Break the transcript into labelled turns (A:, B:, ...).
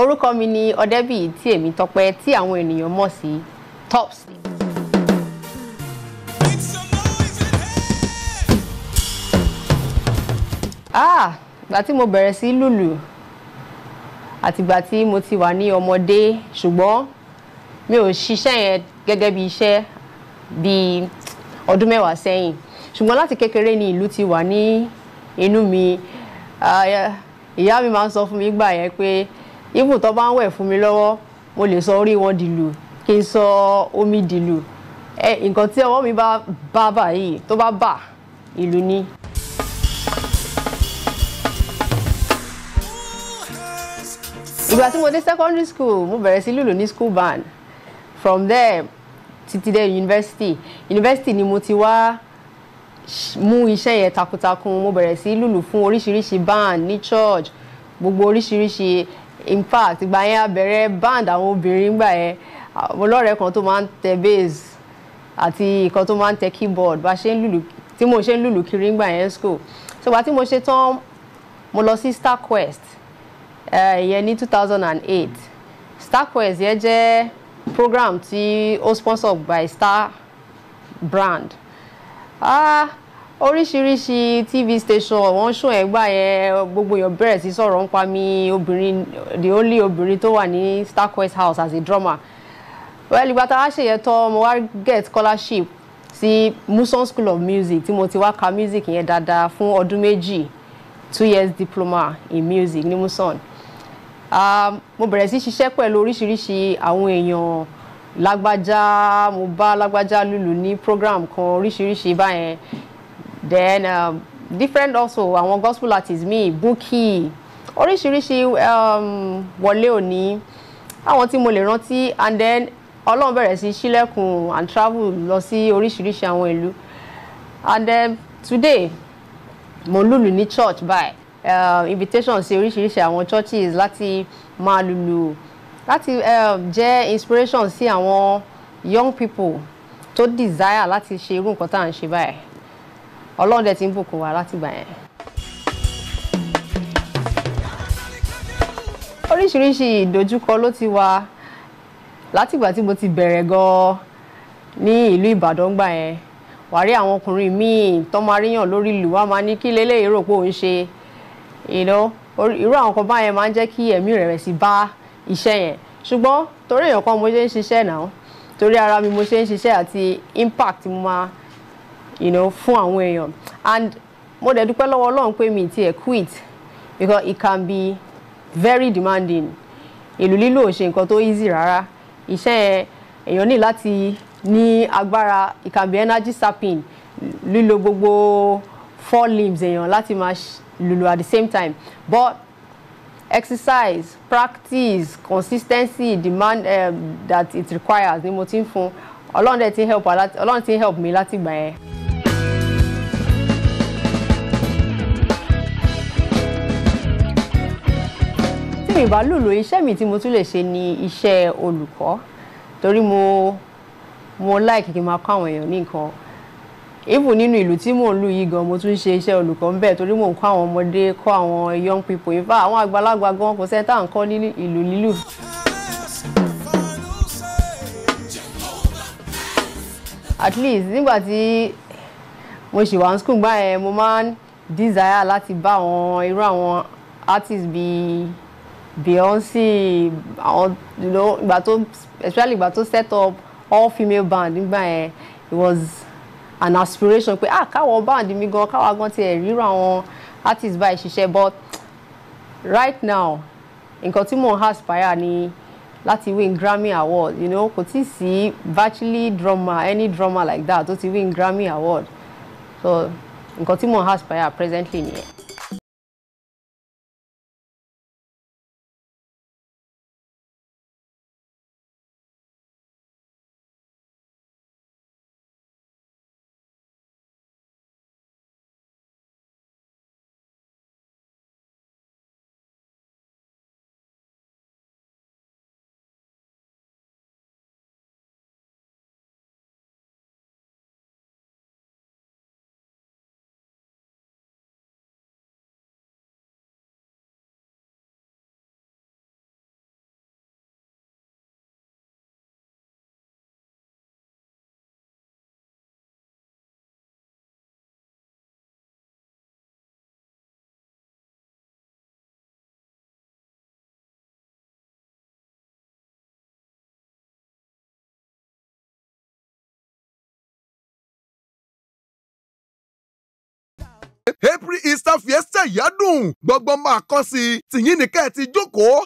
A: orúkọ mi ni ọ̀dẹ́bíyì tí èmi tọpẹ́ tí àwọn ènìyàn mọ̀ sí tops. ah ìgbà tí mo bẹ̀rẹ̀ sí lùlù àtìgbà tí mo ti wà ní ọmọdé ṣùgbọ́n mi ò ṣiṣẹ́ yẹn gẹ́gẹ́ bí iṣẹ́ bíi ọdún mẹ́wàá sẹ́yìn ṣùgbọ́n láti kékeré ni ìlú ti wà ní inú mi ah, ìyá mi máa ń sọ fún mi gbà yẹn pé even tó bá ń wẹ̀ fún mi lọ́wọ́ mo lè sọ orí wọn dìlù kí n sọ omi dìlù ẹ nǹkan tí ọwọ́ mi bá bá báyìí tó bá bà ìlú ni. ìgbà tí mo dé secondary school mo bẹ̀rẹ̀ sí lùlù ní school band from there títí dé university university ni mo ti wá mú iṣẹ́ yẹn takuntakun mo bẹ̀rẹ̀ sí lùlù fún oríṣiríṣi band ní church gbogbo oríṣiríṣi in fact ìgbà yẹn a band àwọn obìnrin gbà yẹn ọlọ́rẹ̀ kan tó máa ń tẹ bass àti ìkan tó máa ń tẹ keyboard bá ṣe ń lùlù tí mo ṣe ń lùlù kiri ngbà yẹn school so ìgbà tí mo ṣe tán mo lọ sí Star Quest eh, ìyẹn ní two thousand and eight Star Quest yẹn jẹ́ program tí ó sponsor by Star brand. Ah, uh, oríṣiríṣi tv station wọ́n ṣó ẹ̀ gbà yẹn gbogbo èèyàn bẹ̀rẹ̀ sí sọ̀rọ̀ nípa mi obìnrin the only obìnrin tó wà ní Quest house as a drama. well ìgbà tá a ṣèyẹn tán mo wá get scholarship sí muson school of music tí mo ti wá ka music yẹn dáadáa fún ọdún méjì two years diploma in music ní muson um, mo bẹ̀rẹ̀ sí ṣiṣẹ́ pẹ̀lú oríṣiríṣi àwọn èèyàn lágbájá mo bá lágbájá lùlù ní program kan oríṣiríṣi báyẹn then um, different also àwọn gospel artists míì Buki, oríṣiríṣi um, Wọlé Òní àwọn tí mo lè rántí and then Ọlọ́run bẹ̀rẹ̀ sí ṣílẹ̀kùn and travel lọ sí oríṣiríṣi àwọn ìlú and then today mo lùlù ní church by uh, um, invitation sí oríṣiríṣi àwọn churches láti máa lùlù láti uh, jẹ́ inspiration sí àwọn young people tó desire láti ṣe irú nǹkan tá à ń ṣe báyìí ọlọ́run dẹ̀ ti ń bùkún wa látìgbà yẹn. oríṣiríṣi ìdojúkọ ló ti wà látìgbà tí mo ti bẹ̀rẹ̀ gan-an ní ìlú Ìbàdàn gbà yẹn wàá rí àwọn ọkùnrin míì tó máa ríyàn lórí ìlú wa máa ní kí leléyìí rò pé òun ṣe irú àwọn kan báyẹn máa ń jẹ́ kí ẹ̀mí ìrẹ̀wẹ̀sì bá iṣẹ́ yẹn ṣùgbọ́n torí èèyàn kan mo ṣe ń ṣiṣẹ́ náà torí ara mi mo ṣe ń ṣiṣẹ́ àti impact mo máa you know fún àwọn èèyàn and mo dẹ̀ dúpẹ́ lọ́wọ́ Ọlọ́run pé mi tiẹ̀ quit because it can be very demanding ìlú lílò ò ṣe nǹkan tó easy rárá iṣẹ́ yẹn èèyàn ní láti ní agbára it can be energy sapping lílo gbogbo four limbs èèyàn láti máa lùlù at the same time but exercise practice consistency demand um, that it requires ni mo ti ń fún ọlọ́run dẹ̀ ti help mi láti gbà yẹn. mi ì bá lùlù mi tí mo tún lè ṣe ni iṣẹ́ olùkọ́ torí mo mo like kí n máa kọ́ àwọn èèyàn ní even nínú ìlú tí mò ń lù gan mo tún ṣe iṣẹ́ olùkọ́ ńbẹ̀ torí mò ń kọ́ àwọn ọmọdé kọ́ young people in fact àwọn àgbàlagbà gan kò sẹ́ńtà ń kọ́ ní ìlú lílù. at least nígbà tí mo ṣì wà ní school gbá yẹn mo máa ń desire láti bá àwọn irú àwọn artist bíi Beyonce àwọn you know ìgbà especially ìgbà tó set up all female band it was an aspiration pé ah káwọn band mi gan káwọn gan tiẹ̀ ríro àwọn artist báyìí ṣiṣẹ́ but right now nǹkan tí mò ń aspire ni láti win Grammy award you know kò see virtually drummer any drummer like that tó ti win Grammy award so nǹkan tí mò ń aspire presently nìyẹn. fi ẹsẹ̀ yá dùn gbọ́ngbọ́n máa kọ́ sí i tìyín nìkẹ́ ti jókòó